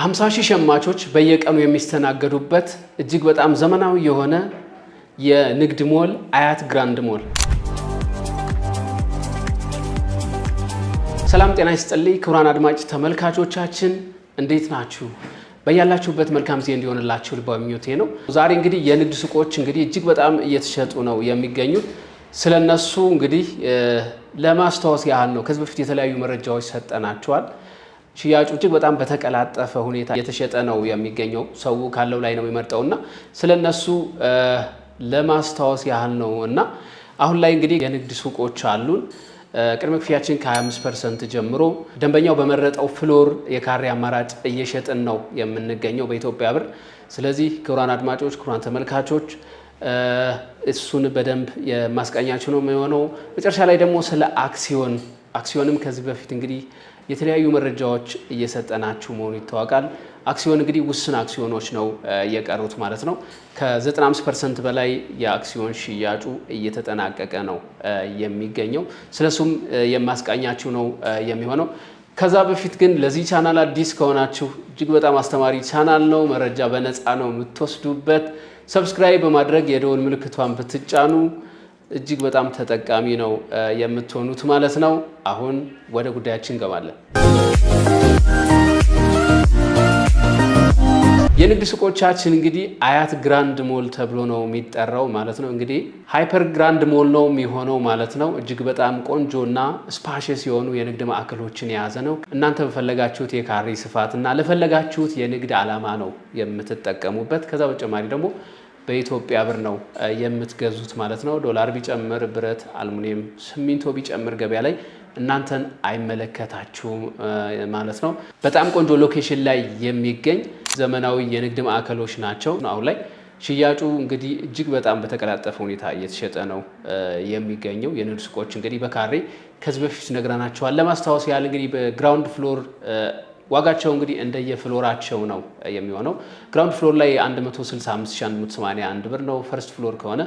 ሀምሳ ሺህ ሸማቾች በየቀኑ የሚስተናገዱበት እጅግ በጣም ዘመናዊ የሆነ የንግድ ሞል አያት ግራንድ ሞል። ሰላም ጤና ይስጥልኝ ክቡራን አድማጭ ተመልካቾቻችን እንዴት ናችሁ? በያላችሁበት መልካም ጊዜ እንዲሆንላችሁ ልባዊ ምኞቴ ነው። ዛሬ እንግዲህ የንግድ ሱቆች እንግዲህ እጅግ በጣም እየተሸጡ ነው የሚገኙት። ስለነሱ እንግዲህ ለማስታወስ ያህል ነው። ከዚህ በፊት የተለያዩ መረጃዎች ሰጠናቸዋል። ሽያጩ እጅግ በጣም በተቀላጠፈ ሁኔታ የተሸጠ ነው የሚገኘው። ሰው ካለው ላይ ነው የሚመርጠው እና ስለ ለማስታወስ ያህል ነው እና አሁን ላይ እንግዲህ የንግድ ሱቆች አሉን። ቅድመ ክፍያችን ከ25 ፐርሰንት ጀምሮ ደንበኛው በመረጠው ፍሎር የካሬ አማራጭ እየሸጥን ነው የምንገኘው በኢትዮጵያ ብር። ስለዚህ ክቡራን አድማጮች፣ ክቡራን ተመልካቾች እሱን በደንብ የማስቀኛችሁ ነው የሚሆነው። መጨረሻ ላይ ደግሞ ስለ አክሲዮን አክሲዮንም ከዚህ በፊት እንግዲህ የተለያዩ መረጃዎች እየሰጠናችሁ መሆኑ ይታወቃል። አክሲዮን እንግዲህ ውስን አክሲዮኖች ነው የቀሩት ማለት ነው። ከ95 ፐርሰንት በላይ የአክሲዮን ሽያጩ እየተጠናቀቀ ነው የሚገኘው። ስለሱም የማስቃኛችሁ ነው የሚሆነው። ከዛ በፊት ግን ለዚህ ቻናል አዲስ ከሆናችሁ እጅግ በጣም አስተማሪ ቻናል ነው። መረጃ በነፃ ነው የምትወስዱበት። ሰብስክራይብ በማድረግ የደወል ምልክቷን ብትጫኑ እጅግ በጣም ተጠቃሚ ነው የምትሆኑት ማለት ነው። አሁን ወደ ጉዳያችን እንገባለን። የንግድ ሱቆቻችን እንግዲህ አያት ግራንድ ሞል ተብሎ ነው የሚጠራው ማለት ነው። እንግዲህ ሃይፐር ግራንድ ሞል ነው የሚሆነው ማለት ነው። እጅግ በጣም እና ስፓሽስ የሆኑ የንግድ ማዕከሎችን የያዘ ነው። እናንተ በፈለጋችሁት የካሬ እና ለፈለጋችሁት የንግድ ዓላማ ነው የምትጠቀሙበት። ከዛ በተጨማሪ ደግሞ በኢትዮጵያ ብር ነው የምትገዙት ማለት ነው። ዶላር ቢጨምር፣ ብረት፣ አልሙኒየም፣ ሲሚንቶ ቢጨምር ገበያ ላይ እናንተን አይመለከታችሁም ማለት ነው። በጣም ቆንጆ ሎኬሽን ላይ የሚገኝ ዘመናዊ የንግድ ማዕከሎች ናቸው። አሁን ላይ ሽያጩ እንግዲህ እጅግ በጣም በተቀላጠፈ ሁኔታ እየተሸጠ ነው የሚገኘው። የንግድ ሱቆች እንግዲህ በካሬ ከዚህ በፊት ነግረናቸዋል። ለማስታወስ ያህል እንግዲህ በግራውንድ ፍሎር ዋጋቸው እንግዲህ እንደየፍሎራቸው ነው የሚሆነው። ግራውንድ ፍሎር ላይ 165181 ብር ነው። ፈርስት ፍሎር ከሆነ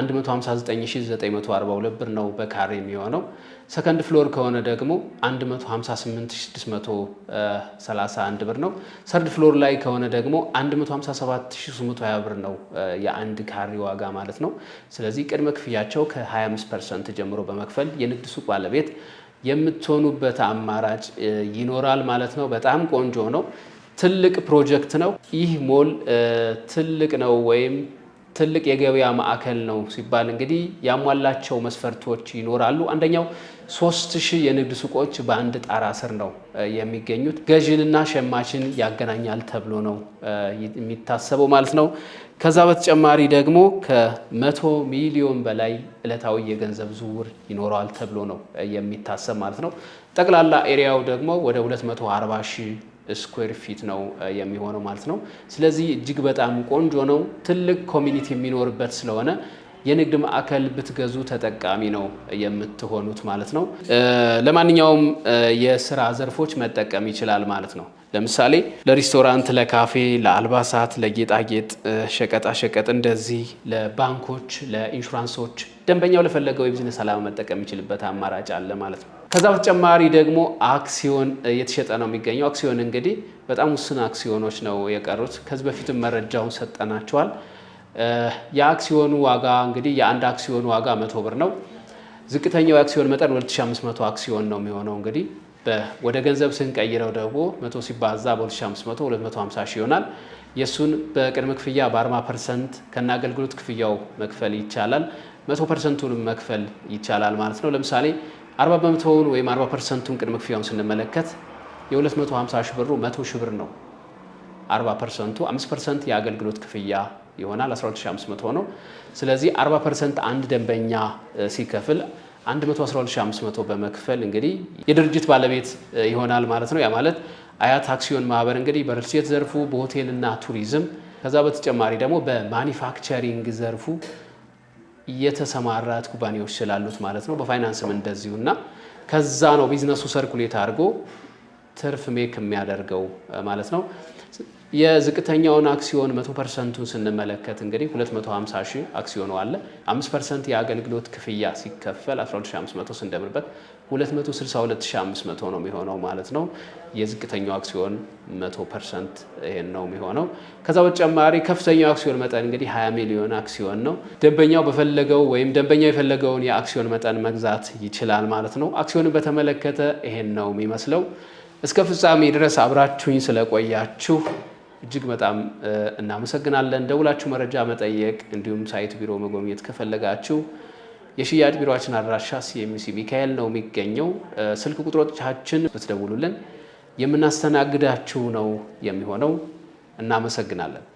159942 ብር ነው በካሬ የሚሆነው። ሰከንድ ፍሎር ከሆነ ደግሞ 158631 ብር ነው። ሰርድ ፍሎር ላይ ከሆነ ደግሞ 157320 ብር ነው የአንድ ካሬ ዋጋ ማለት ነው። ስለዚህ ቅድመ ክፍያቸው ከ25 ፐርሰንት ጀምሮ በመክፈል የንግድ ሱቅ ባለቤት የምትሆኑበት አማራጭ ይኖራል ማለት ነው። በጣም ቆንጆ ነው። ትልቅ ፕሮጀክት ነው። ይህ ሞል ትልቅ ነው ወይም ትልቅ የገበያ ማዕከል ነው ሲባል እንግዲህ ያሟላቸው መስፈርቶች ይኖራሉ። አንደኛው ሶስት ሺህ የንግድ ሱቆች በአንድ ጣራ ስር ነው የሚገኙት። ገዥንና ሸማችን ያገናኛል ተብሎ ነው የሚታሰበው ማለት ነው። ከዛ በተጨማሪ ደግሞ ከመቶ ሚሊዮን በላይ እለታዊ የገንዘብ ዝውውር ይኖረዋል ተብሎ ነው የሚታሰብ ማለት ነው። ጠቅላላ ኤሪያው ደግሞ ወደ 240 ሺህ ስኩዌር ፊት ነው የሚሆነው ማለት ነው። ስለዚህ እጅግ በጣም ቆንጆ ነው። ትልቅ ኮሚኒቲ የሚኖርበት ስለሆነ የንግድ ማዕከል ብትገዙ ተጠቃሚ ነው የምትሆኑት ማለት ነው። ለማንኛውም የስራ ዘርፎች መጠቀም ይችላል ማለት ነው። ለምሳሌ ለሬስቶራንት፣ ለካፌ፣ ለአልባሳት፣ ለጌጣጌጥ ሸቀጣሸቀጥ፣ እንደዚህ ለባንኮች፣ ለኢንሹራንሶች ደንበኛው ለፈለገው የቢዝነስ አላማ መጠቀም የሚችልበት አማራጭ አለ ማለት ነው። ከዛ በተጨማሪ ደግሞ አክሲዮን እየተሸጠ ነው የሚገኘው። አክሲዮን እንግዲህ በጣም ውስን አክሲዮኖች ነው የቀሩት። ከዚህ በፊትም መረጃውን ሰጠናቸዋል። የአክሲዮኑ ዋጋ እንግዲህ የአንድ አክሲዮን ዋጋ መቶ ብር ነው። ዝቅተኛው የአክሲዮን መጠን 2500 አክሲዮን ነው የሚሆነው። እንግዲህ ወደ ገንዘብ ስንቀይረው ደግሞ መቶ ሲባዛ በ2500 250 ሺህ ይሆናል። የእሱን በቅድመ ክፍያ በ40 ፐርሰንት ከነ አገልግሎት ክፍያው መክፈል ይቻላል። መቶ ፐርሰንቱንም መክፈል ይቻላል ማለት ነው። ለምሳሌ አርባ በመቶውን ወይም አርባ ፐርሰንቱን ቅድመ ክፍያውን ስንመለከት የ250 ሺህ ብሩ መቶ ሺህ ብር ነው። አርባ ፐርሰንቱ አምስት ፐርሰንት የአገልግሎት ክፍያ ይሆናል 12500 ነው። ስለዚህ 40 ፐርሰንት አንድ ደንበኛ ሲከፍል 112500 በመክፈል እንግዲህ የድርጅት ባለቤት ይሆናል ማለት ነው። ያ ማለት አያት አክሲዮን ማህበር እንግዲህ በሪልስቴት ዘርፉ በሆቴልና ቱሪዝም ከዛ በተጨማሪ ደግሞ በማኒፋክቸሪንግ ዘርፉ የተሰማራት ኩባንያዎች ስላሉት ማለት ነው። በፋይናንስም እንደዚሁ እና ከዛ ነው ቢዝነሱ ሰርኩሌት አድርጎ ትርፍ ሜክ የሚያደርገው ማለት ነው። የዝቅተኛውን አክሲዮን 100 ፐርሰንቱን ስንመለከት እንግዲህ 250 ሺህ አክሲዮኑ አለ። 5 ፐርሰንት የአገልግሎት ክፍያ ሲከፈል 12500 ስንደምርበት 262500 ነው የሚሆነው ማለት ነው። የዝቅተኛው አክሲዮን 100 ፐርሰንት ይሄን ነው የሚሆነው። ከዛ በተጨማሪ ከፍተኛው አክሲዮን መጠን እንግዲህ 20 ሚሊዮን አክሲዮን ነው። ደንበኛው በፈለገው ወይም ደንበኛው የፈለገውን የአክሲዮን መጠን መግዛት ይችላል ማለት ነው። አክሲዮንን በተመለከተ ይሄን ነው የሚመስለው። እስከ ፍጻሜ ድረስ አብራችሁኝ ስለቆያችሁ እጅግ በጣም እናመሰግናለን። ደውላችሁ መረጃ መጠየቅ እንዲሁም ሳይት ቢሮ መጎብኘት ከፈለጋችሁ የሽያጭ ቢሮችን አድራሻ ሲኤምሲ ሚካኤል ነው የሚገኘው። ስልክ ቁጥሮቻችን ብትደውሉልን የምናስተናግዳችሁ ነው የሚሆነው። እናመሰግናለን።